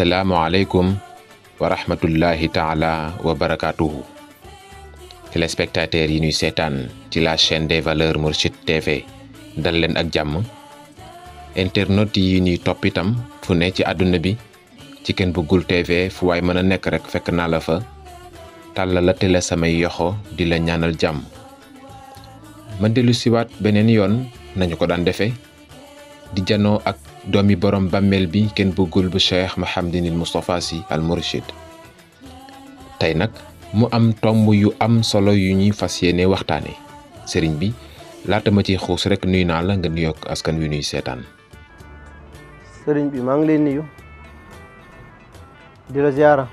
asalaamualeykum wa rahmatullahi taala wa barakaatuhu téléspectateurs yi ñuy seetaan ci la chaîne des valeurs Mourchid TV dal leen ak jàmm internet yi ñuy topp itam fu ne ci àdduna bi ci Ken Bougoul TV fu waay mën a nekk rekk fekk naa la fa tàlla la tele samay yoxo di la ñaanal jàmm ma dellu siwaat beneen yoon nañu ko daan defee di janoo ak domi borom bammel bi ken bëggul bu cheikh Mouhamadinil mustafa si al Murshid. tay nak mu am tomb yu am solo yu ñi fasiyene waxtane serigne sëriñ bi laata ma ci xoss rek nuy na la nga nuyok askan wi nuy setan serigne bi ma ngi len nuyu di la ziarra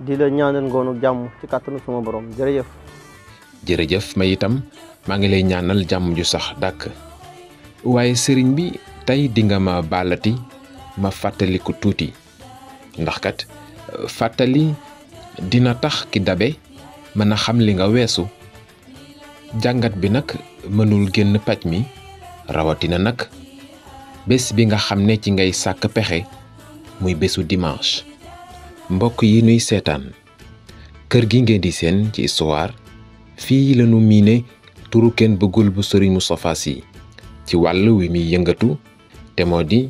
di la ñaanal ngonu jàmm ci kàttanu suma borom jerejeuf jerejeuf may itam ma ngi lay ñaanal jàmm ju sax dak waye serigne bi Tay di nga ma baalati ma fàttaliku tuuti ndax kat fàttali dina tax ki dabe mën a xam li nga weesu jàngat bi nag mënul génn paj mi rawatina nag bés bi nga xam ne ci ngay sàkk pexe muy bésu dimanche mbokk yi nuy kër gi ngeen di seen ci histoire turu bëggul bu Moustapha ci wi yëngatu te modi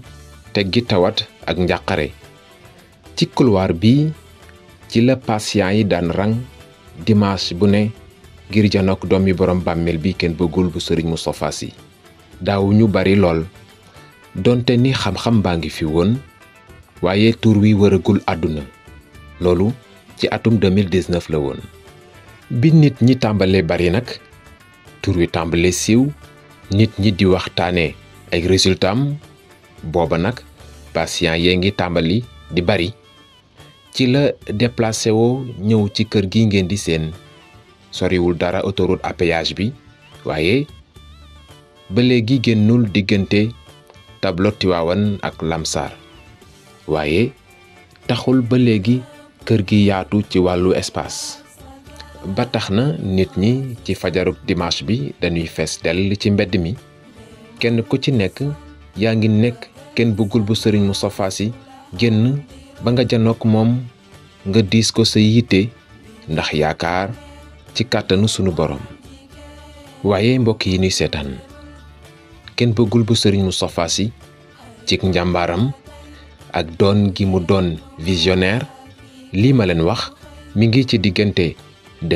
di gitawat ak njàqare ci couloir bi ci le patient yi dan rang dimanche bu ne ngir janok domi borom bammel bi ken bëggul bu serigne Moustapha si daw ñu bari lol donte ni xam-xam baangi fi won tour wi wëragul aduna lolou ci atum 2019 la won bi nit ñi tambalé bari nak tour wi tambalé siw nit ñi di waxtané ay résultats booba nak patient yeengi tambali di bari ci le déplacer wo ñew ci kër gi ngeen di seen wul dara autoroute à péage bi wayé ba léegi génnul digënté tablo tiwawan ak lamsar wayé taxul ba légui kër gi yaatu ci walu espace ba taxna nit ñi ci fajaruk dimanche bi dañuy fess del ci mi kenn ku ci nekk yaa nek nekk kenn bëggul bu sëriñ Moustapha Sy génn ba nga janook mom nga dis ko sa yité ndax yaakar ci katanu sunu borom waye mbokk yi ni setan ken bëggul bu serigne mustapha si ci njambaram ak don gi mu don visionnaire li ma len wax mi ngi ci 2019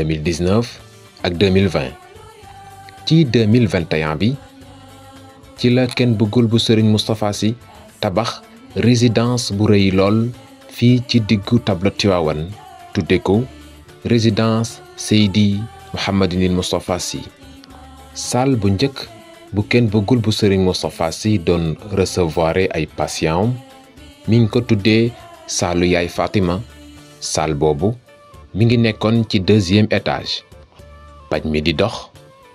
ak 2020 ci 2021 bi ci la kenn bëggul bu sëriñ mu Sy tabax résidence bu rëy lool fii ci diggu tabla Tiwaawan tudde ko résidence Seydi Mouhamadinil mu Sy salle bu njëkk bu kenn bëggul bu sëriñ Moustapha Sy doon recevoir ay patients mi ngi ko tuddee saalu yaay Fatima salle boobu mi ngi nekkoon ci deuxième étage paj mi di dox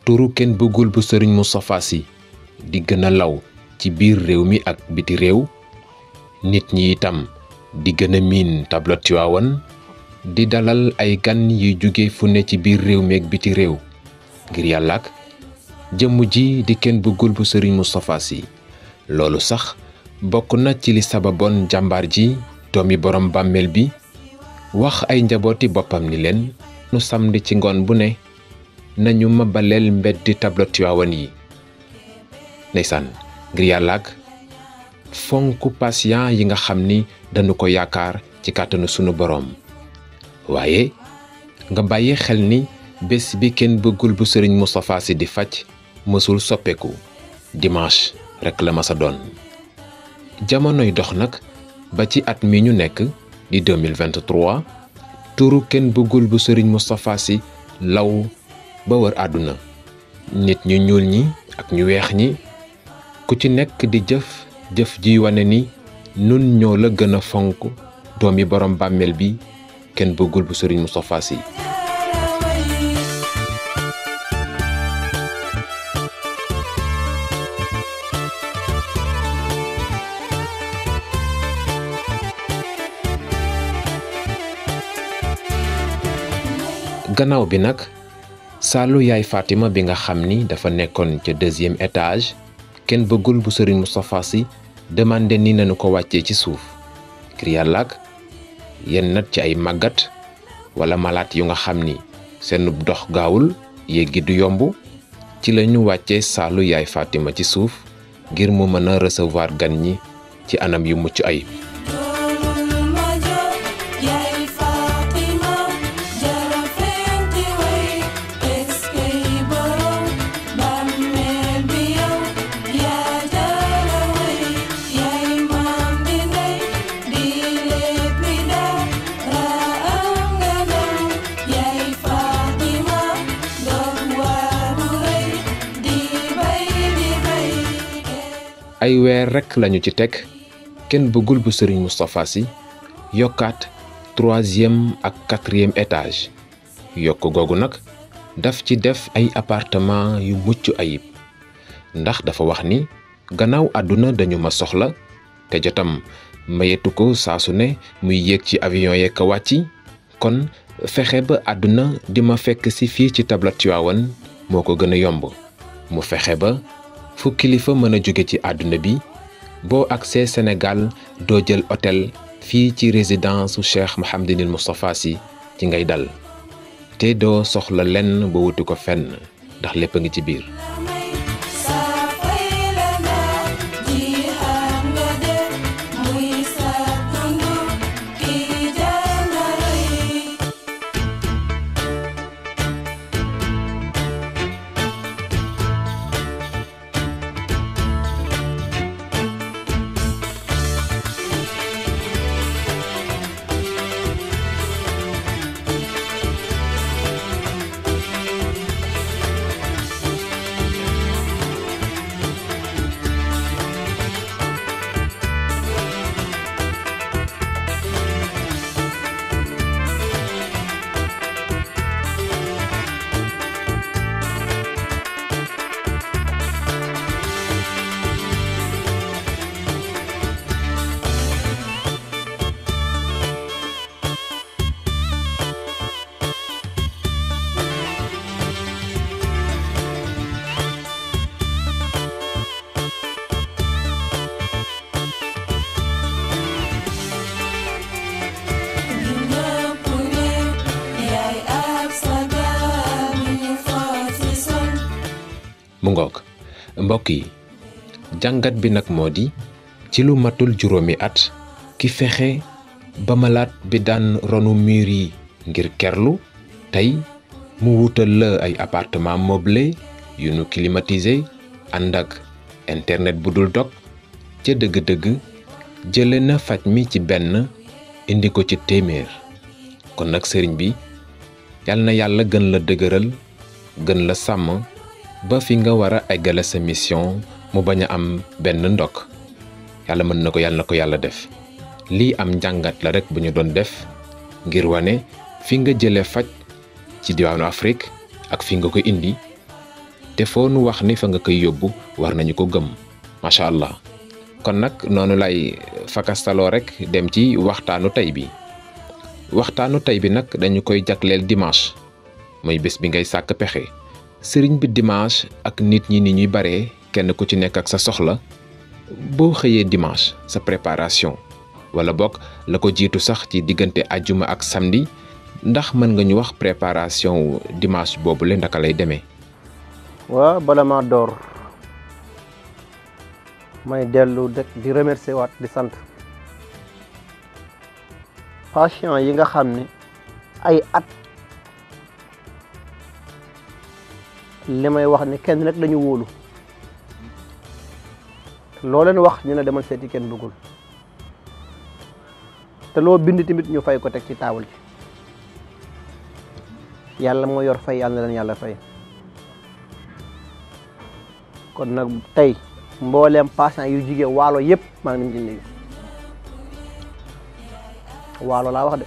turu kenn bëggul bu sëriñ mu Sy di gëna law ci biir réew mi ak biti réew nit ñi itam di gëna min tablot tablo di dalal ay gan yu jóge fu ne ci biir réew mi ak biti réew ngir yalla ak jëm ji di kenn gul bu serigne mustapha si lolu sax bokku na ci li sababon jambar ji domi borom bammel bi wax ay njaboti bopam ni len nu samdi ci ngon bu ne nañu mabalel mbeddi tablot yi ndeysaan ngir yàlla ak fonk patient ya yi nga xam ni dañu ko yaakaar ci kàttanu sunu borom waaye nga bàyyi xel ni bés bi kenn bëggul bu sëriñ mustapha Sy di faj mësul soppeeku dimanche rek la doon jamonoy dox nag ba ci at mi ñu nekk di 2023 turu kenn bëggul bu sëriñ mustapha law ba wër àdduna nit ñu ñuul ñi ak ñu weex ñi ku ci nek di jëf jëf ji wané ni nun ñoo la gëna fonku doomi borom bammel bi kenn bëggul bu serigne mustapha si ganaw bi nak salu yaay Fatima bi nga xamni dafa nekkon ci deuxième étage kenn bëggul bu Serigne Moustapha si demande ni nañu ko wàccee ci suuf ngir yàlla ak yenn nat ci ay màggat wala malaat yu nga xam ni seen dox gaawul yéggi du yomb ci la ñu wàccee saalu yaay Fatima ci suuf ngir mu mën a recevoir gan ñi ci anam yu mucc ay ay weer rek lañu ci tek ken bëggul bu sëriñ mustapha si 3e ak 4e étage gogu nak daf ci def ay appartement yu muccu ayib ndax dafa wax ni gannaaw aduna dañu ma soxla te jotam mayetuko ko saasu ne muy yek ci avion ka kon fexé ba aduna di ma fekk ci fi ci tabla tiwaawan moo yomb mu fexé ba fu kilifa mën a jóge ci àdduna bi boo agsee Sénégal doo jël hôtel fii ci résidence su Cheikh Mouhamadinil Moustapha si ci ngay dal te doo soxla lenn ba wuti ko fenn ndax lépp a ngi ci biir mu ngoog mbokk yi jàngat bi nag moo di ci lu matul juróomi at ki fexe ba bi daan ronu miir yi ngir kerlu tey mu wutal la ay apartement meublé yu nu climatisé ànd ak internet bu dul dog ca dëgg-dëgg jële na faj mi ci benn indi ko ci téeméer kon nag sëriñ bi yal na yàlla gën la dëgëral gën la sàmm ba fi nga war a eggale sa mission mu bañ am benn ndokk yàlla mën na ko yàlla na ko yàlla def li am njàngat la rek bu don def ngir wane fi nga jëlee faj ci diwaanu Afrique ak fi nga ko indi te nu wax ni fa nga koy yóbbu war nañu ko gëm allah kon nag noonu lay rek dem ci waxtaanu tey bi waxtaanu tey bi nag dañu koy jagleel dimanche muy bes bi ngay sàkk sëriñ bi dimanche ak nit ñi ni ñuy bare kenn ku ci nekk ak sa soxla boo xëyee dimanche sa préparation wala bok la ko jiitu sax ci diggante ajuma ak samedi ndax mën nga ñu wax préparation dimanche boobu le ndaka lay demee waa bala maa door may dellu di remercier waat di sant passion yi nga xam ay at limay wax ne kenn rek dañu wolu lo leen wax ñu ne demal setti kenn bëggul te lo bind timit ñu fay ko tek ci taabal ci yalla mo yor fay yalla na leen yàlla fay kon nak tay mbollem passant yu jige walo yëpp ma ngi ñu di walo la wax de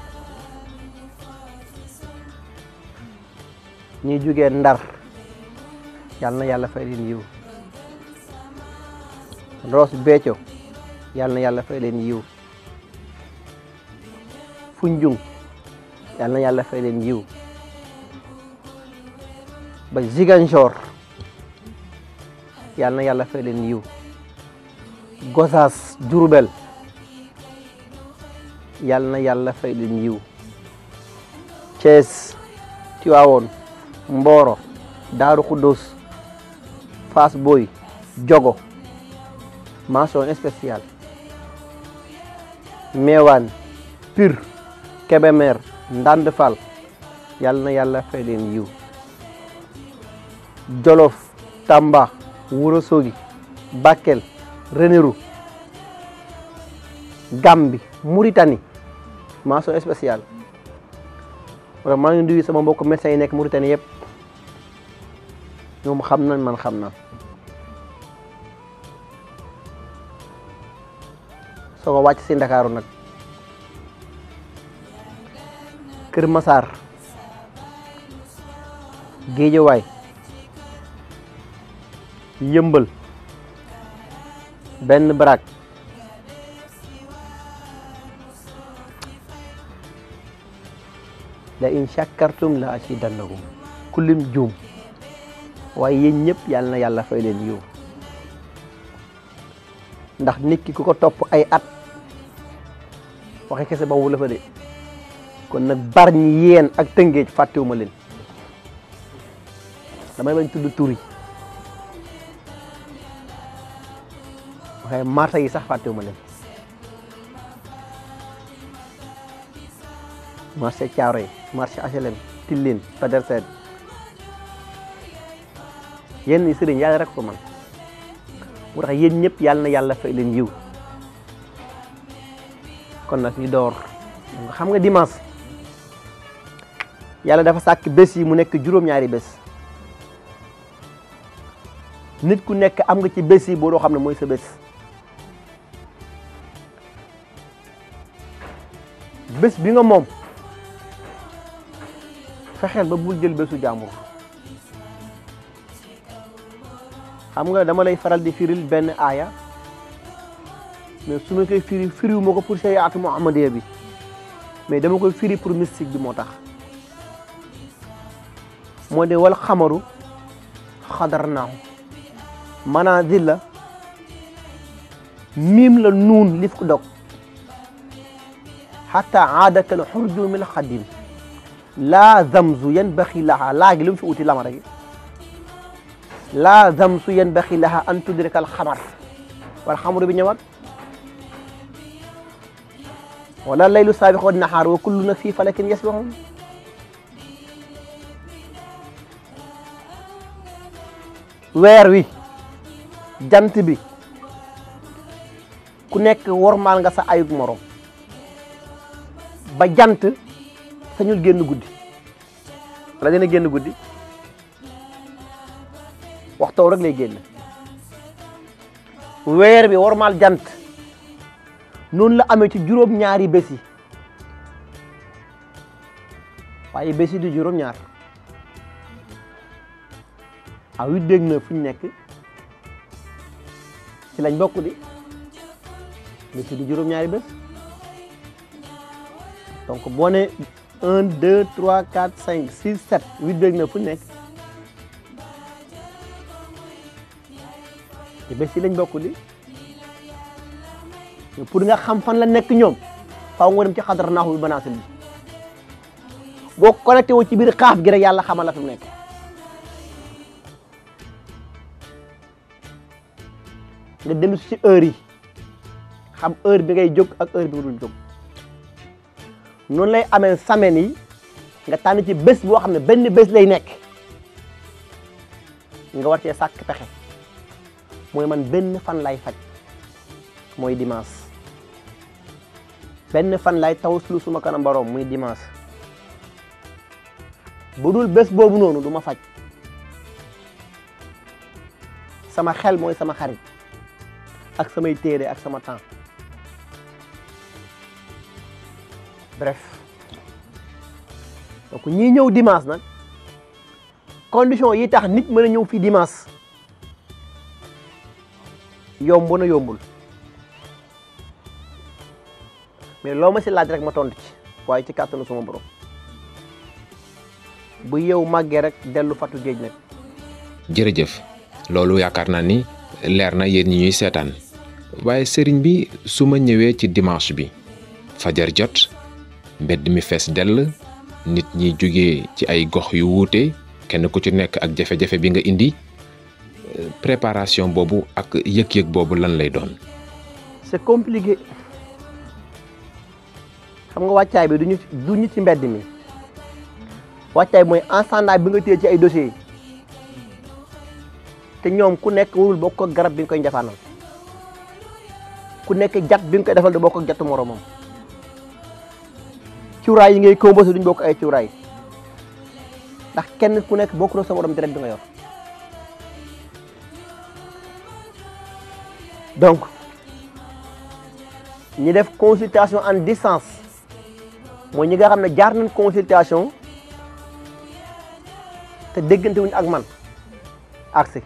ñi jugee ndar yàlla na yàlla fay leen yiw Ross Béthio yàlla na yàlla leen yiw Foundiougne yàlla na yàlla fay leen yiw ba Ziguinchor yàlla na yàlla fay leen yiw Gossas Diourbel yàlla na yàlla fay leen yiw Thiès Tivaouane Mboro Daaru Xuddus Fast Boy, Jogo, mention spesial, Mewan, Pur, Kebemer, Ndande Yalna Yalla na yàlla Jolof Tamba Wuro Bakel Reniru, gambi muritani maso spesial, wala mana ngi nduy sama mbok médecin nek muritani yep ñom xamnañ man xamnañ soo ko wàcc si ndakaaru nag Kër Masaar Géejawaay Yëmbal benn baraak la in shakartum la azidannakum kulim juum waaye yéen ñëpp yàlla na yàlla fay leen ndax nit ku ko topp ay at waxe kese ba wu la fa de kon bar barñi yeen ak tëngeej fàttewuma leen damay bañ tudd tur yi waaye maata yi sax fàttewuma leen marché Thiaroye marché HLM Tilène Petersen yenn sëriñ yàlla rek ko man mu tax yéen ñëpp yàlla na yàlla fay leen yiw kon na si door nga xam nga dimanche yàlla dafa sàkk bés yi mu nekk juróom-ñaari bés nit ku nekk am nga ci bés yi boo doo xam ne mooy sa bés bi nga moom fexeel ba bul jël bésu jàmbur xam nga dama lay faral di firil benn aaya mais su ma koy firi wu ma ko pour shariatu muhammadiya bi mais dama ko firi pour mystique bi moo tax moo de wal xamaru xadar naahu manazil la miim la nuun lif ko dog xata aadakal xurjumil xadim laa zamzu yanbaxi laha laagi li mu fi uti lama rek laa zamzu yanbaxi laha an tudrikal xamar wal xamaru bi ñëwaat wala laylu saabiqu nahaar wa kullu na fii falakin yasbahun weer wi jant bi ku nekk wormaal nga sa ayug morom ba jant sañul génn guddi wala dina génn guddi waxtoo la lay génn weer bi wormaal jant noonu la amee ci juróom-ñaari bés yi waaye bés yi du juróom-ñaar ah huit dégg na fu ñu nekk ci lañ bokk di bés yi du juróom-ñaari bés donc boo un deux trois quatre cinq six sept huit dégg na fu ñu nekk ci bés yi lañ bokk di. pour nga xam fan la nekk ñoom faaw nga dem ci xadar naaxul banaasil bi boo connecté woo ci biir xaaf gi rek xam xamal la fi mu nekk nga dellu si heure yi xam heure bi ngay jóg ak heure bi nga dul jóg noonu lay amee semaine yi nga tànn ci bés boo xam ne benn bés lay nekk nga war cee sàkk pexe mooy man benn fan lay faj mooy dimanche benn fan lay tawaslu suma kanam borom muy dimanche bu dul bés boobu noonu du ma faj sama xel mooy sama xarit ak samay téere ak sama temps bref donc ñii ñëw dimanche nag condition yi tax nit mën a ñëw fii dimanche yomb na yombul mais loo ma ci laaj rek ma tontu ci waaye ci kàttanu sama borom bu yow màggee rek dellu fatu géej nag. jërëjëf loolu yaakaar naa ni leer na yéen ñi ñuy seetaan waaye sëriñ bi su ma ñëwee ci dimanche bi fajar jot mbedd mi fees dell nit ñi jóge ci ay gox yu wuute kenn ku ci nekk ak jafe-jafe bi nga indi préparation boobu ak yëg-yëg boobu lan lay doon. xam nga waccay bi duñu duñu ci mbedd mi wàccaay mooy encendaay bi nga tey ci ay dossier té ñom ku nekk wul bokk ak garab bi ngi koy jafanal ku nekk jat bi ngi koy defal du bokk ak jatu moromam cuuraay yi ngay kombo duñ bokk ay cuuraay ndax kenn ku nekk bokk na sa morom direct bi nga yor donc ñi def consultation en distance mooy ñi nga xam ne jaar nañ consultation te déggante wuñ ak man agsi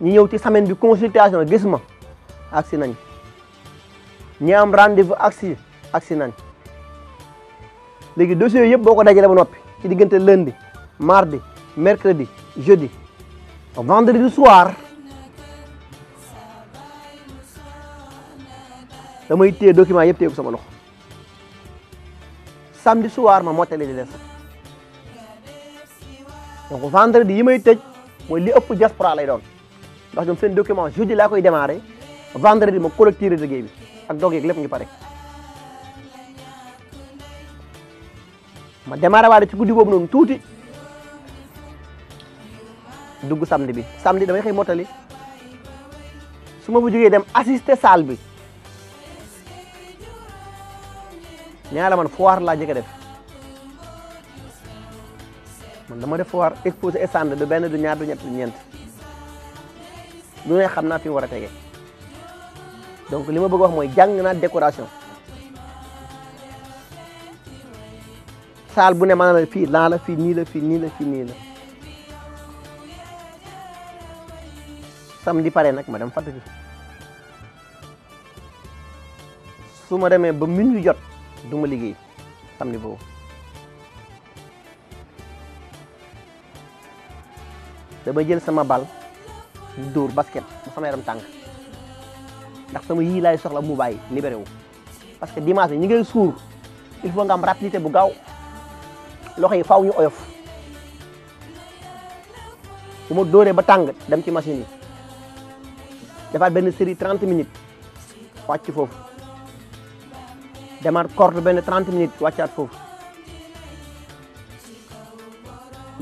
ñi ñëw ci semaine bi consultation gis ma agsi nañ ñi am rendez-vous agsi agsi nañ léegi dossiers yëpp boo ko dajalee ba noppi ci diggante lundi mardi mercredi jeudi vendredi soir damay téye document yëpp téye ko sama loxo. samedi soir ma motali li des donc vendredi yimay tej moy li ëpp diaspora lay doon ndax ñom seen document jeudi la koy démarrer vendredi ma collecter collecté liggéey bi ak dog ak lepp ngi paré ma démarrer waale ci guddi bobu non touti dugg samedi bi samedi damay xey motali suma bu jógee dem assister salle bi ñaala man foar la jëgë def man dama def foar exposé stand du ben du ñaar du ñet ñent du ne xamna fi wara tégué donc lima bëgg wax moy jang na décoration sal bu ne man la fi la la fi ni la fi ni la fi ni la samedi paré nak ma dem fatati suma démé ba minuit jot duma ma liggéey xam boobu jël sama bal dur basket ba sama yaram tàng ndax sama yii laay soxla mu bàyyi libéré wu parce que dimanche ñi ngay suur il faut nga am rapidité bu gaaw loxo yi faaw ñu oyof bu ma dóoree ba tàng dem ci machine yi defaat benn série 30 minutes wàcc foofu demaat corde benn 30 minutes wàccaat foofu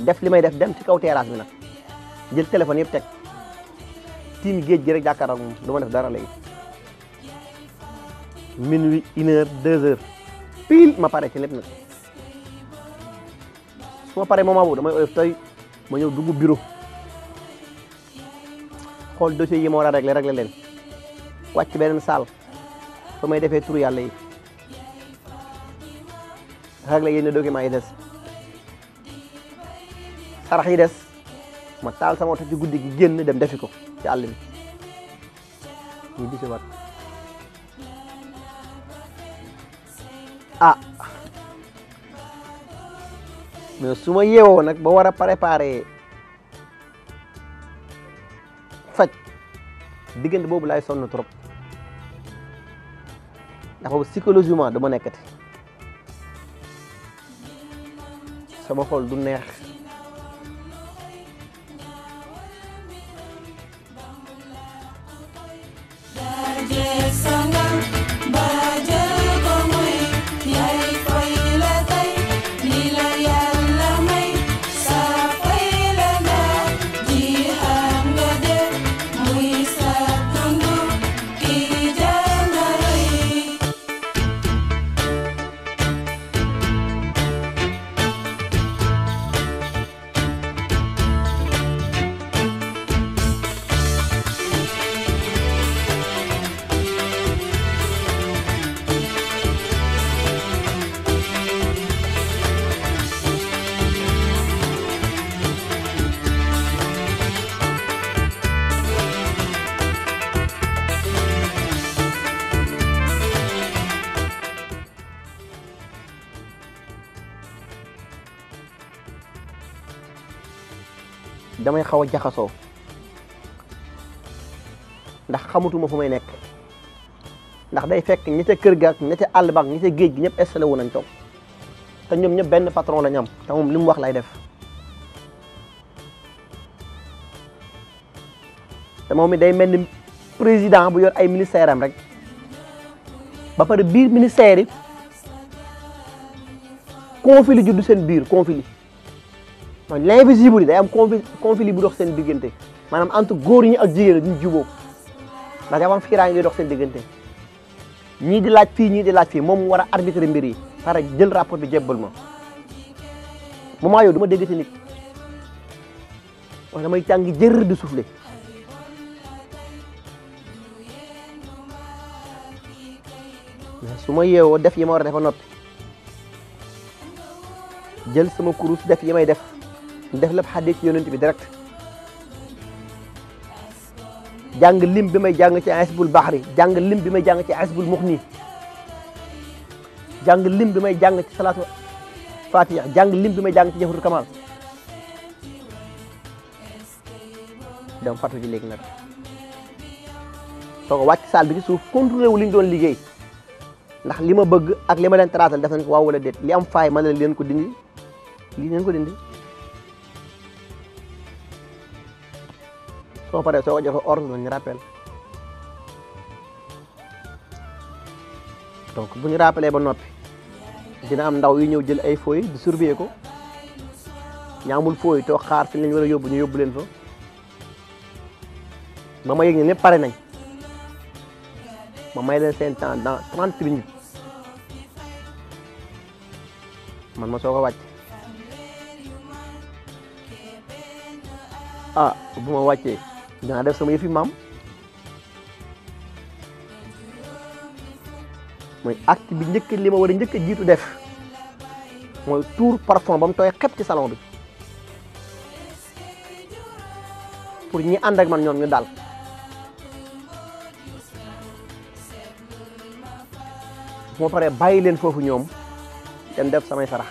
def li may def dem ci kaw terrasse bi nag jël téléphone yëpp teg tiim géej gi rek jàkkaarloo moom du def dara léegi minuit une heure deux heures pile ma pare ci lépp nag su ma paree moment boobu damay oyof tey ma ñëw dugg bureau xool dossier yi ma war a régler régler leen wàcc beneen salle may defee turu yàlla yi régler yenn documents yi des sarax yi des ma taal sama oto ci guddi gi génn dem defi ko ci àll bi ñu bisi wat ah mais su ma yeewoo nag ba war a préparer faj diggante boobu laay sonn trop ndax boobu psychologiquement dama nekkati sama xol du neex xaw a jaxasoo ndax xamutuma fu may nekk ndax day fekk ñi kër ga ñi ca àll géej gi ñëpp installé wu nañ toog ta ñoom ñëpp benn patron la ñu am te moom li mu wax lay def te moom mi day mel ni président bu yor ay ministère am rek ba pare biir ministère yi conflit juddu seen biir conflit non l'invisible yi day am conflit conflit bu dox seen diggante maanaam entre góor ñi ak jigéen ñi ñu jubóo ndax day am fiiraange di dox seen diggante ñii di laaj fii ñii di laaj fii moom mu war a arbitrer mbir yi pare jël rapport bi jébbal ma moment yow du ma dégg ci nit wax damay tàng jër di soufflé su ma yeewoo def yi ma war a def ba jël sama kurus def yi may def def la xadis ci yonent bi direct jang lim bima jang ci asbul bahri jang lim bima jang ci asbul mukhni jang lim bima jang ci salatu fatiha jang lim bima jang ci jahrul kamal dem fatu ji leg nak toko wacc sal bi ci souf contrôlé wu li doon liggey ndax lima bëgg ak lima len leen def nañ ko waawu wala déet li am fay man la leen ko dindi li ñen ko dindi soo paree soo ko joxe ordre nañu rappel donc bu ñu rappelé ba noppi dina am ndaw yu ñëw jël ay fooy di surveiller ko ñaamul fooy toog xaar fi lañ war a yóbbu ñu yóbbu leen fa ba ma yëg ne pare nañ ma may leen seen temps dans trente minutes man ma soog a wàcc ah, bu ma wàccee Nadar ada Imam mooy acte bi njëkk li ma war a njëkk a def mooy tour parfum bom toya tooy xep ci salon bi pour ñi kemana ak man ñoom ñu dal moo paree bayi leen foofu ñoom dem def samay sarax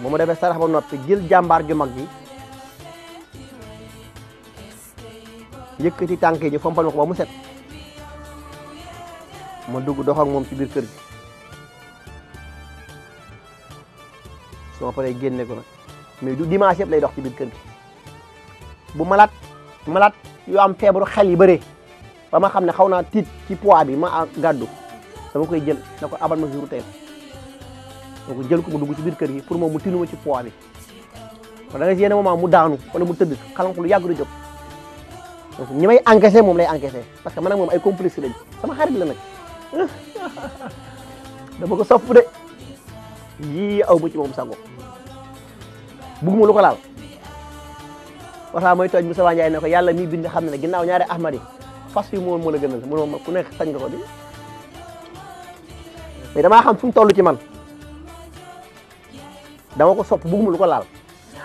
mau ma defee sarax ba noppi jël jàmbaar ju mag bi yëkëti tanké ñu fompal mako ba mu set mo dugg dox ak mom ci biir kër gi su ma paree ko nag mais du dimanche yëpp lay dox ci biir kër gi bu malat malat yu am fièvre xel yi bëré ba ma xamné ne tit ci poids bi ma gaddu dama koy jël nako abal ma jour tay ma ko jël ko mu dugg ci biir kër gi pour mom mu tinuma ci poids bi da nga yéne moment mu daanu wala mu teud xalanku yagru yàgg donc ñi may moom lay encaissé parce que man ak moom ay complice lañ sama xarit la nag dama ko sopp de yii aw ma ci moom sango bugguma lu ko laal waxaa mooy tooj Moussa Ndiaye ne ko yàlla mi bind xam ne ginnaaw ñaari ahmad yi fas yi moom moo la gënal mënoo ma ku nekk sañ nga ko di mais damaa xam fu mu toll ci man dama ko sopp bugguma lu ko laal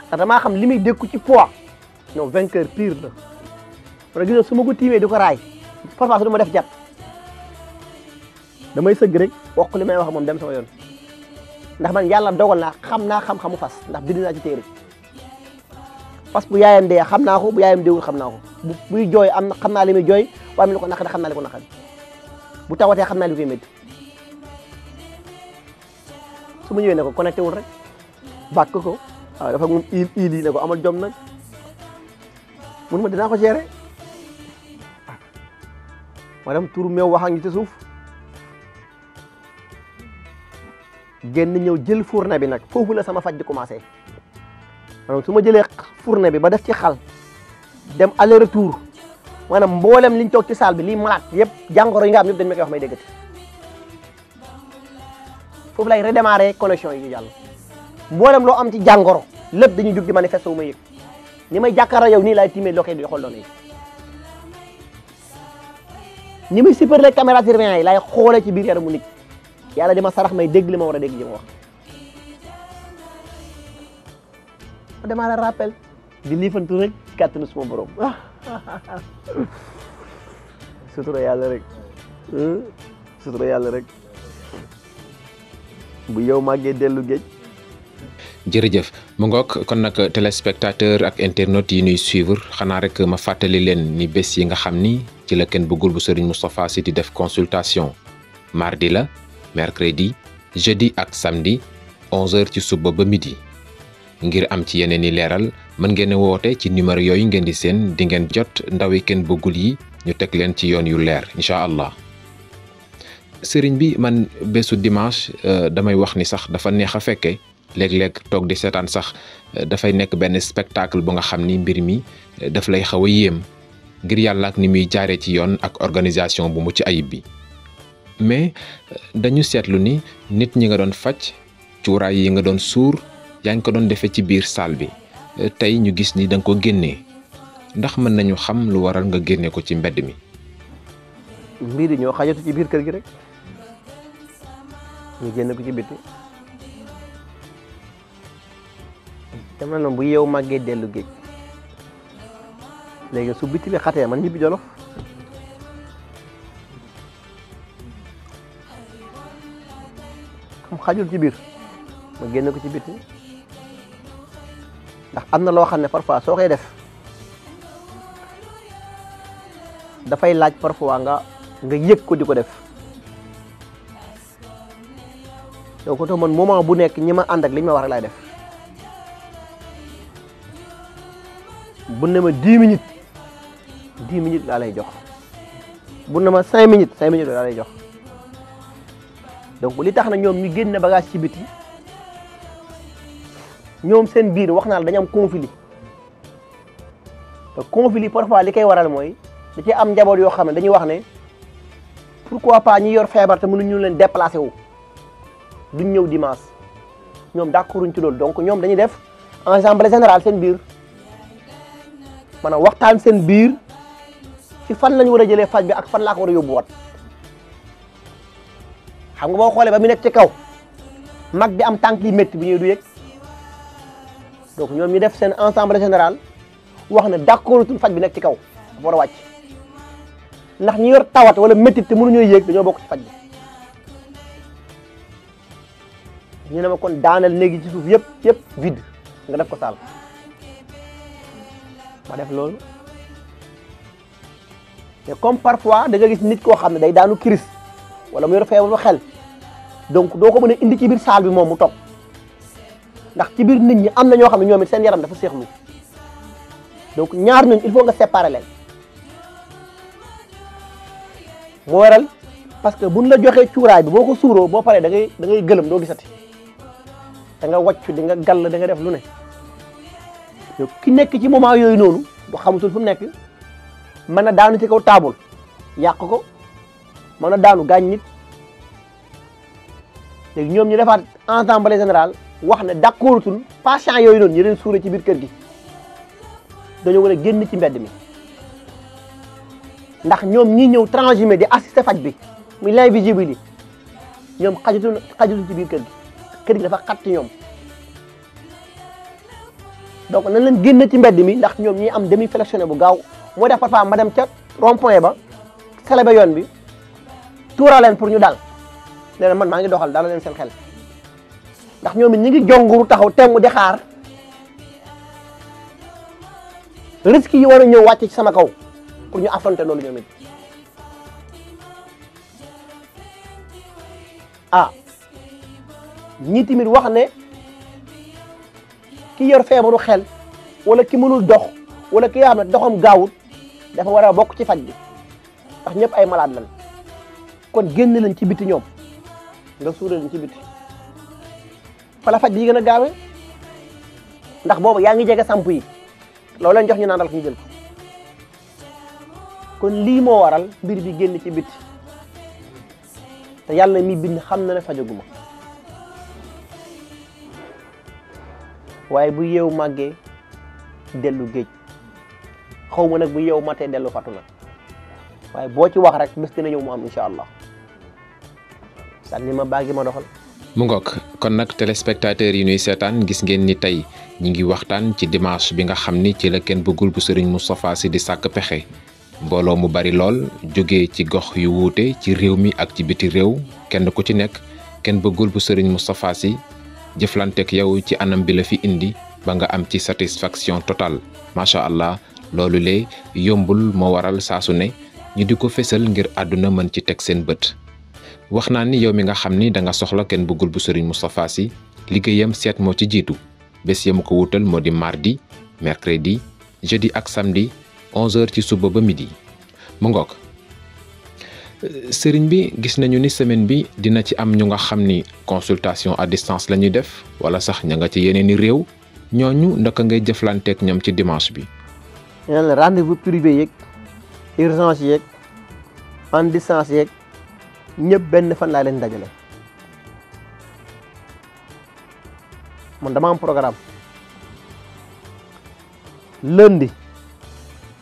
ndax damaa xam li muy ci poids non vainqueur pire la wala gis nga su ma ko tiimee di ko raay parfois du ma def jàpp damay sëgg rek wax li may wax moom dem sama yoon ndax man yàlla dogal naa xam naa xam-xamu fas ndax bind naa ci téere fas bu yaayam dee xam naa ko bu yaayam deewul xam na ko bu buy jooy am na xam naa li muy jooy waaye mi li ko naqari xam naa li ko naqari bu tawatee xam naa li koy métti ma ñëwee ne ko connecté wul rek bàkk ko waaw dafa moom il il yi ne ko amal jom nag mun ma dinaa ko gérer maanaam turu meew waxaa ngi ci suuf génn ñëw jël fourne bi nag foofu la sama faj di commencé maanaam su ma jëlee fourne bi ba def ci xal dem aller retour maanaam mboolem liñ toog ci saal bi lii malaat yëpp jàngoro yi nga am yëpp dañ ma koy wax may déggati foofu lay redémarrer connexion yi yàlla mboolem loo am ci jàngoro lépp dañuy jug di ma yëg ni may jàkkaarloo yow nii laay tiimee loo koy di xool ñi muy super les caméras surveillants yi lay xolé ci biir yaramu nit yalla dima sarax may dégg li ma wara dégg jëm wax dama la rappel di lifantu rek katnu suma borom ah. sutura yalla rek hmm? sutura yalla rek bu yow magge delu geej jërëjëf mu ngok kon nak téléspectateur ak internaute yi ñuy suivre xana rek ma fatali len ni bes yi nga xamni ci la kenn bëggul bu Serigne Moustapha Sy di def consultation mardi la mercredi jeudi ak samdi 11h ci suba ba midi ngir am ci yeneen i leeral mën ngeen woote ci numéro yooyu ngeen di seen di ngeen jot ndawi kenn bëggul yi ñu teg leen ci yoon yu leer incha allah sëriñ bi man bésu dimanche euh, damay wax ni sax dafa neex a fekke léeg lekk toog di seetaan sax euh, dafay nekk benn spectacle bu nga xam ni mbir mi euh, daf lay xaw a yéem. ngir yalla ak ni ci yoon ak organisation bu ci ayib bi mais euh, dañu seetlu ni nit ñi nga doon ci cuuraay yi nga doon sour yañ ko doon defee ci biir salle bi euh, tay ñu gis ni da ko génnee ndax mën nañu xam lu waral nga génne ko ci mbedd mi. mbir ñoo xajatu ci biir kër gi rek ñu ko ci biti dama bu yow magge delu léegi su bitti bi man ñibbi Jolof comme xajul ci biir ma génn ko ci bitti ndax am na loo xam ne parfois soo koy def dafay laaj parfois nga nga yëg ko di ko def donc ko tax man moment bu nekk ñi ma ànd ak li ñu ma wax rek laay def bu ma dix minutes dix minutes laa lay jox bu na ma cinq minutes cinq minutes laa lay jox donc li tax na ñoom ñu génn bagage ci biti ñoom seen biir wax naa la dañu am conflit te conflit parfois li koy waral mooy da ci am njaboot yoo xam ne dañuy wax ne pourquoi pas ñi yor feebar te mënuñu leen déplacé wu duñ ñëw dimanche ñoom d'accorduñ ci loolu donc ñoom dañuy def assemblée général seen biir maanaam waxtaan seen biir. ci fan lañu war a jëlee faj bi ak fan laa ko war a yóbbuwaat xam nga boo xoolee ba mu nekk ci kaw mag bi am tànk yi métti bu ñuy du yëg donc ñoom ñu def seen ensemble général wax ne d'accord tul faj bi nekk ci kaw dafa war a wàcc ndax ñu yor tawat wala métti te mënuñoo yëg dañoo bokk ci faj bi ñu ne ma kon daanal léegi ci suuf yëpp yëpp vide nga def ko saal ma def loolu te comme parfois da nga gis nit koo xam ne day daanu crise wala mu yor feebaru xel donc doo ko mën a indi ci biir salle bi moom mu toog ndax ci biir nit ñi am na ñoo xam ne ñoom it seen yaram dafa seexlu donc ñaar ñooñu il faut nga séparer leen mu waral parce que buñ la joxee cuuraay bi boo ko suuroo boo paree da ngay da ngay gëlëm doo gisati da nga wàccu di nga gàll da def lu ne donc ki nekk ci moment yooyu noonu du xamatul fu mu nekk. mën a daanu ci kaw taabul yàq ko mën a daanu gaañ nit léegi ñoom ñu defaat ensemble général wax ne d'accordutul patient yooyu noonu ñu leen suure ci biir kër gi dañoo war a génn ci mbedd mi ndax ñoom ñi ñëw transhumé di assister faj bi muy l'invisible yi ñoom xajatul xajatul ci biir kër gi kër gi dafa xat ñoom donc nañ leen génn ci mbedd mi ndax ñoom ñi am demi flexion bu gaaw moo def parfois ma dem ca rond point ba xale ba yoon bi tuura leen pour ñu dal nee na man maa ngi doxal dala leen seen xel ndax ñoom it ñi ngi jonguru taxaw temm di xaar risque yi war a ñëw wàcc ci sama kaw pour ñu affronter loolu ñoom it ah ñi ne ki yor feebaru xel wala ki mënul dox wala ki nga xam ne doxam gaawut dafa war a bokk ci faj bi ndax ñépp ay malade lañ kon génn lañ ci biti ñoom nga suure lañ ci biti fala faj bi gën a gaawe ndax boobu yaa ngi jege samp yi loolu lañ jox ñu naan dal ñu kon lii moo waral mbir bi génn ci biti te yàlla mi bind xam na ne fajaguma waaye bu yeewu màggee dellu géej xawma nak bu yow maté delu fatuna way bo ci wax rek bés dina mu am inshallah allah baagi ma doxal mu ngok kon nak téléspectateur yi ñuy seetaan gis ngeen ni tay ñi ngi waxtaan ci dimanche bi nga xamni ci la kenn bëggul bu serigne Moustapha ci di sak pexé mbolo mu bari lol joggé ci gox yu wuté ci réew mi ak ci biti réew kenn ku ci nek kenn bëggul bu sëriñ Moustapha jëflanté ak yow ci anam bi la fi indi ba nga am ci satisfaction totale masha allah loolu yombul mo waral saasu ne ñu diko fessel ngir aduna man ci tek sen beut waxna ni yow mi nga xamni da nga soxla kenn bu serigne mustapha si ligeyam set mo ci jitu bes yam ko wutal modi mardi mercredi jeudi ak samedi 11h ci suba ba midi mu ngok serigne bi gis nañu ni semaine bi dina ci am ñu nga xamni consultation à distance la def wala sax ñanga ci yeneeni rew ñoñu ndaka ngay ak ñom ci dimanche bi yeneen rendez-vous privé yeeg urgence yeeg en distance yeeg ñëpp benn fan laa leen dajale man dama am programme lundi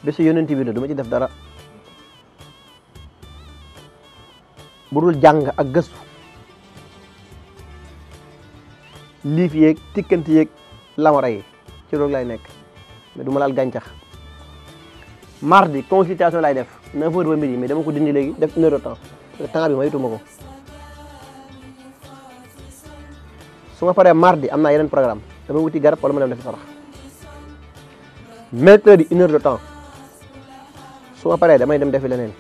bésu yonent bi la du ci def dara bu dul jàng ak gëstu liif yeeg tikkanti yeeg lamara yi ci loolu lay nekk mais du laal gàncax mardi consultation laay def 9h ba midi mais dama ko dindi léegi def une heure de temps temps bi mayutuma ko su ma paree mardi am na yeneen programme dama wuti garab wala ma dem def sarax mercredi une heure de temps su ma paree damay dem defi leneen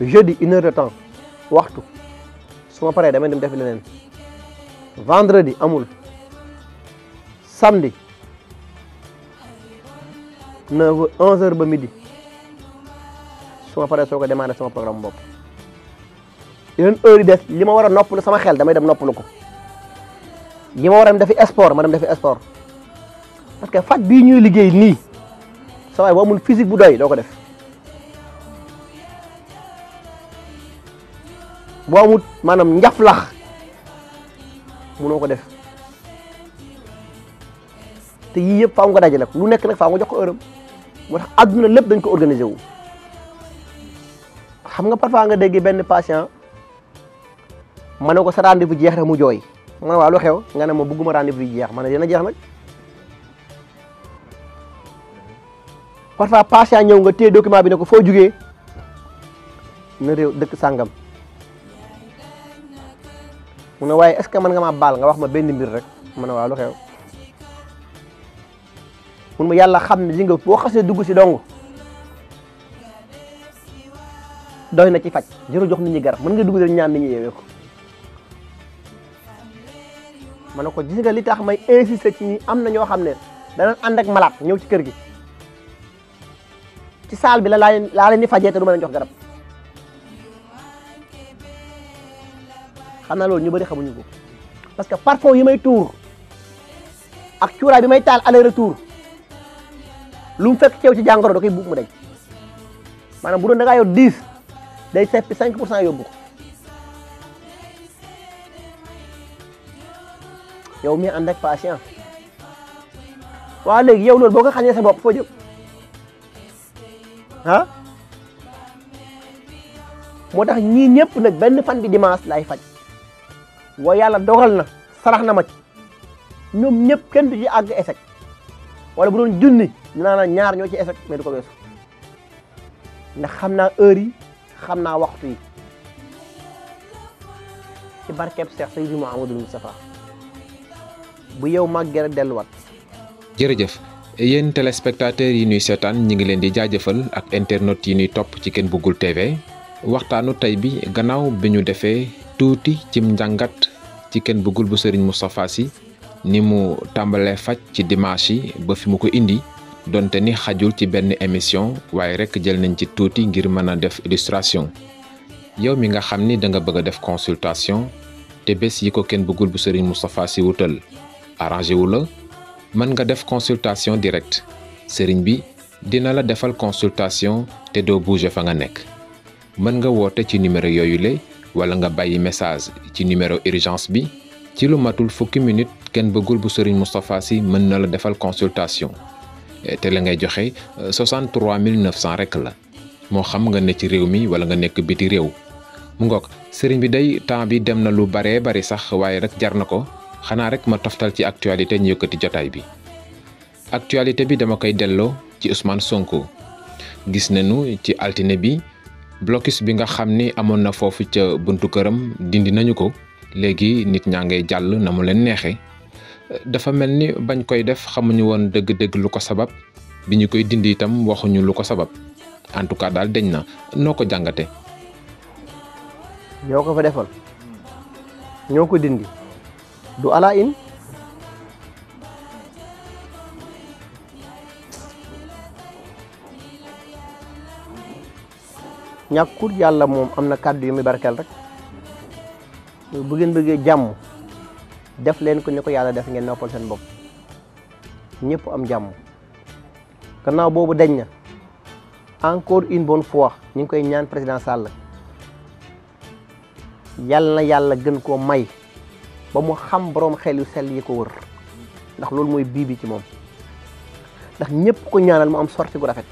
jeudi une heure de temps waxtu suma ma paree damay dem defi leneen vendredi amul samedi. 9 11h ba midi suma paré soko démarré sama programme bop yeen heure yi des li ma sama xel damay dem noppalu ko li ma dem dafi sport ma dem dafi sport parce que fat bi ñuy liggéey ni sa waay mun amul physique bu doy doko ko def boo manam maanaam njaflax mënoo ko def te yi yëpp faaw nga dajale lu nekk nak faaw nga jox ko heureum moo aduna lepp dañ ko organiser wu xam nga parfois nga dégg ben patient manoko sa rendez-vous jeex rek mu joy man wa lu xew nga ne mo bëgguma rendez-vous jeex man dina jeex nak parfois patient ñew nga téye document bi ne ko foo jugee na rew dëkk sangam mu ne way est-ce que man nga ma bal nga wax ma ben mbir rek man wa lu xew mun ma yalla xam ni nga bo xasse dugg ci dong doy na ci fajj jëru jox nit ñi gar mën nga dugg rek ñaan nit ñi yewé ko ma ko gis nga li tax may insister ci ni am na ño xam da na and ak malaat ñew ci kër gi ci salle bi la la leen laa leen di fajee te du jox garab xana lool ñu bari xamu ñu ko parce que parfois yi may ak ciura bi may tal aller retour lu mu ci yow ci jangoro da koy bu mu dañ manam bu do nga yow 10 day seppi 5 pour cent ko yow mi ànd ak patient wa léegi yow lol boko xagne sa bop fo jëm ha motax ñi ñepp nak benn fan bi dimanche lay faj wa yalla dogal na sarax na ma ci ñom ñepp kenn du ci ag échec wala bu doon junni ñu naan ñaar ñoo ci effect mais du ko weesu ndax xamna heure yi xamna waxtu yi ci barkeb Cheikh Seydou Mouhamadou Moustapha bu yow màggee rek wat jërëjëf yeen téléspectateur yi ñuy sétane ñi ngi leen di jaajeufal ak internet yi ñuy top ci kenn buggul TV waxtaanu tay bi gannaaw bi ñu defee tuuti cim njàngat ci kenn buggul bu Serigne Moustapha si ni mu tàmbalee faj ci dimanche yi ba fi mu ko indi donte ni xajul ci benn émission waaye rek jël nañ ci tuuti ngir mën a def illustration yow mi nga xam ni da nga bëgg a def consultation te bés yi ko kenn bëggul bu Serigne Moustapha Sy wutal arrangé wu la mën nga def consultation direct Serigne bi dina la defal consultation te doo bouger fa nga nekk mën nga woote ci numéro yooyu le wala nga bàyyi message ci numéro urgence bi ci lu matul fukki minute ken beugul bu serigne mustapha si mën na la defal consultation eh, té la ngay joxé 63900 euh, rek la mo xam nga ne ci réew mi wala nga nek biti réew mu ngok serigne bi day temps bi dem na lu bare bare sax waye rek jar nako ko rek ma toftal ci actualité ñu yëkëti jotaay bi actualité bi dama koy dello ci Ousmane Sonko gis nañu ci altiné bi blocus bi nga xamni amon na fofu ci buntu kërëm dindi nañu ko legi nit ñaa ngay jàll na mu dafa melni ni bañ koy def xamuñu won deug deug lu ko sabab biñu koy dindi itam waxuñu lu ko sabab en tout cas dal deñ na noo ko ñoo ko fa defal ñoo dindi du ala in ñàkkul yàlla moom amna na yu mi barkel rek bu ngeen bëggee jàmm def leen ko ni ko yàlla def ngeen noppal seen bopp ñëpp am jàmm gannaaw boobu dañ na encore une bonne fois ñu ngi koy ñaan président Sall yàlla na yàlla gën koo may ba mu xam borom xel yu sell yi ko wër ndax loolu mooy bii bi ci moom ndax ñëpp ko ñaanal mu am sorti bu rafet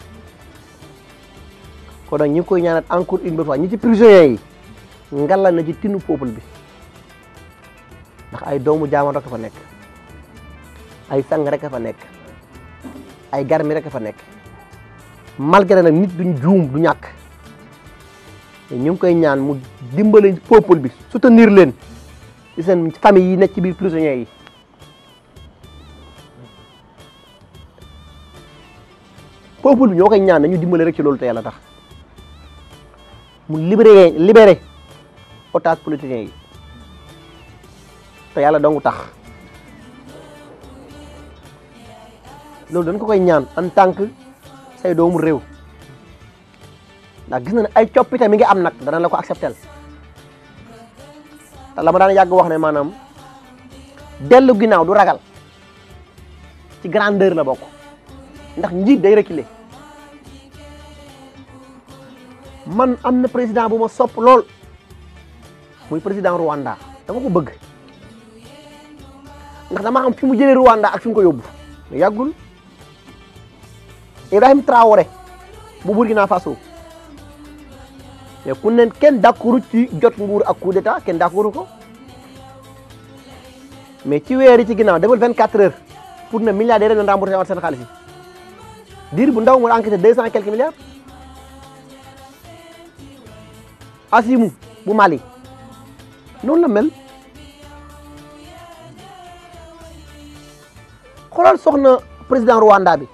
kon nag ñu koy ñaanal encore une bonne fois ñi ci prisonniers yi ngalla na ci tinu peuple bi ndax ay doomu jaamoon rek a fa nekk ay sang rek fa nekk ay garmi rek a fa nekk malgré nag nit duñ juum du ñàkk ñu ngi koy ñaan mu dimbale peuple bi soutenir leen ci seen famille yi nekk ci biir prisonniers yi peuple bi ñoo koy ñaan nañu dimbale rek ci loolu te yàlla tax mu libéré libéré otage politiciens yi te yalla dongu tax loolu dañ ko koy ñaan en tant que say doomu rew da gis na ay coppite mi ngi am da na la ko acceptel ta lama daan yag wax ne manam, delu ginaaw du ragal ci grandeur la bok, ndax njit day reculer man amna président bu ma sopp lool muy président Rwanda dama ko bëgg ndax dama xam fi mu jëlee Rwanda ak fi mu ko yóbbu yàggul Ibrahim Traoré bu Burkina Faso mais ku ne kenn d'accord ci jot nguur ak coup d'état kenn d'accord ko mais ci weer yi ci ginnaaw demal 24 heures pour ne milliardaire yi doon remboursé waat seen xaalis yi diir bu ndaw mu enquêté 200 et quelques milliards Asimu bu Mali noonu la mel. xoolal soxna président Rwanda bi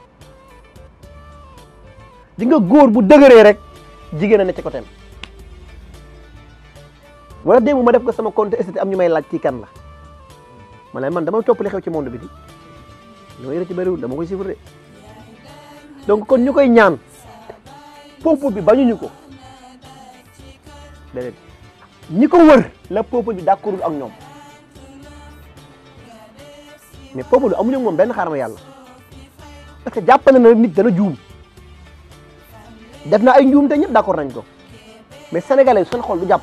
di nga góor bu dëgëree rek jigéen a ne ci côté wala mu ma def ko sama compte STT am ñu may laaj kii kan la ma ne man dama topp li xew ci monde bi di li ma yore ci bëriwul dama koy chiffrer donc kon ñu koy ñaan peuple bi bañuñu ko déedéet ñi ko wër la peuple bi d'accordul ak ñoom. mais peuple amuñu moom benn xaar ma yàlla parce que jàppale na nit dana juum def na ay njuum te ñëpp d'accord nañ ko mais sénégalais seen xol du jàpp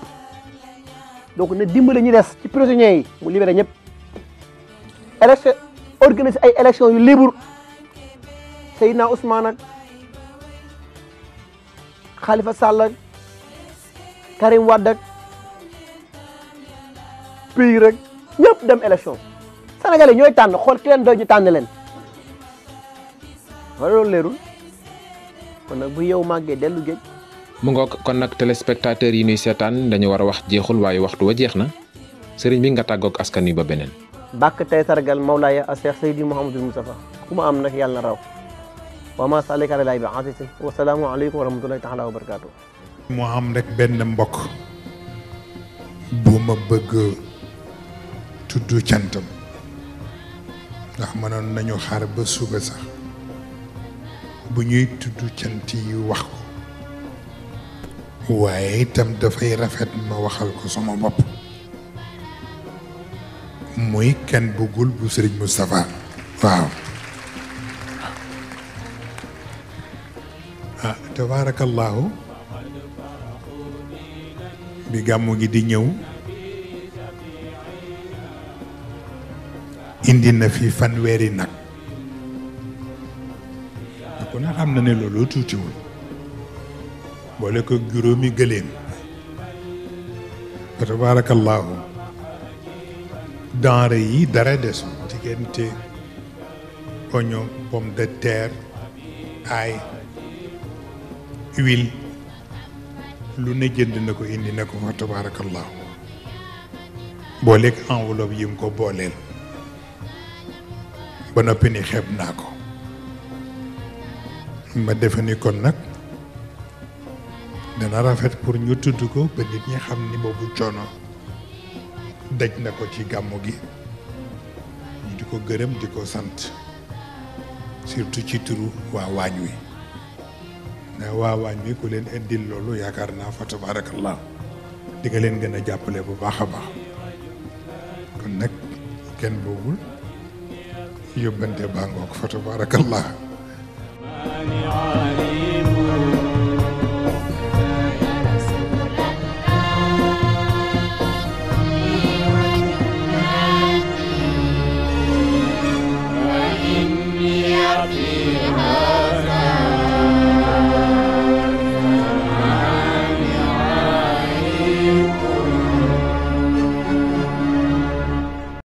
donc na dimbale ñu des ci prisonniers yi mu libéré ñëpp élection organiser ay élection yu libre Seydina Ousmane ak Khalifa Sall ak Karim Wade ak Pire rek ñëpp dem élection Sénégalais ñooy tànn xool ki leen doy ñu tànn leen wala loolu leerul kon nag bu yow màggee dellu géej. mu ngoog kon nag téléspectateurs yi nuy seetaan dañu war a wax jeexul waaye waxtu wa jeex na sëriñ bi nga tàggoog askan wi ba beneen. bàkk tey sargal Mawlaaya a Cheikh Seydi Mouhamadul Moustapha ku ma am nag yàlla na raw wa maa saalika ala laahi bi aziz wa salaamu aleykum wa rahmatullahi taala wa moo am rek benn mbokk bu ma bëgg tudd cantam. ndax mënoon nañu xaar ba suba sax bu ñuy tudd cant yi wax ko waaye itam dafay rafet ma waxal ko sama bopp muy kenn bëggul bu sëriñ Moustapha waaw ah tabaarakallaahu bi gàmmu gi di ñëw indi na fi fanweeri nag ku ne xam na ne loolu tuutiwul boole ko juróomi gëléem fa tabaarakallaahu yi dara des diggante oignon pomme de terre ay huile lu ne jënd na ko indi na ko fa tabaarakallaahu booleeg yi mu ko booleel ba noppi ni xeeb naa ko ma defe ni kon nag dana rafet pour ñu tudd ko ba nit ñi xam ni boobu coono daj na ko ci gàmmu gi ñu di ko gërëm di ko sant surtout ci turu waa waañ wi ndax waa waañ wi ku leen indil loolu yaakaar naa fa tabarakallah di nga leen gën a jàppale bu baax a baax kon nag kenn boobul yóbbante baa ngoog fa tabaarakallah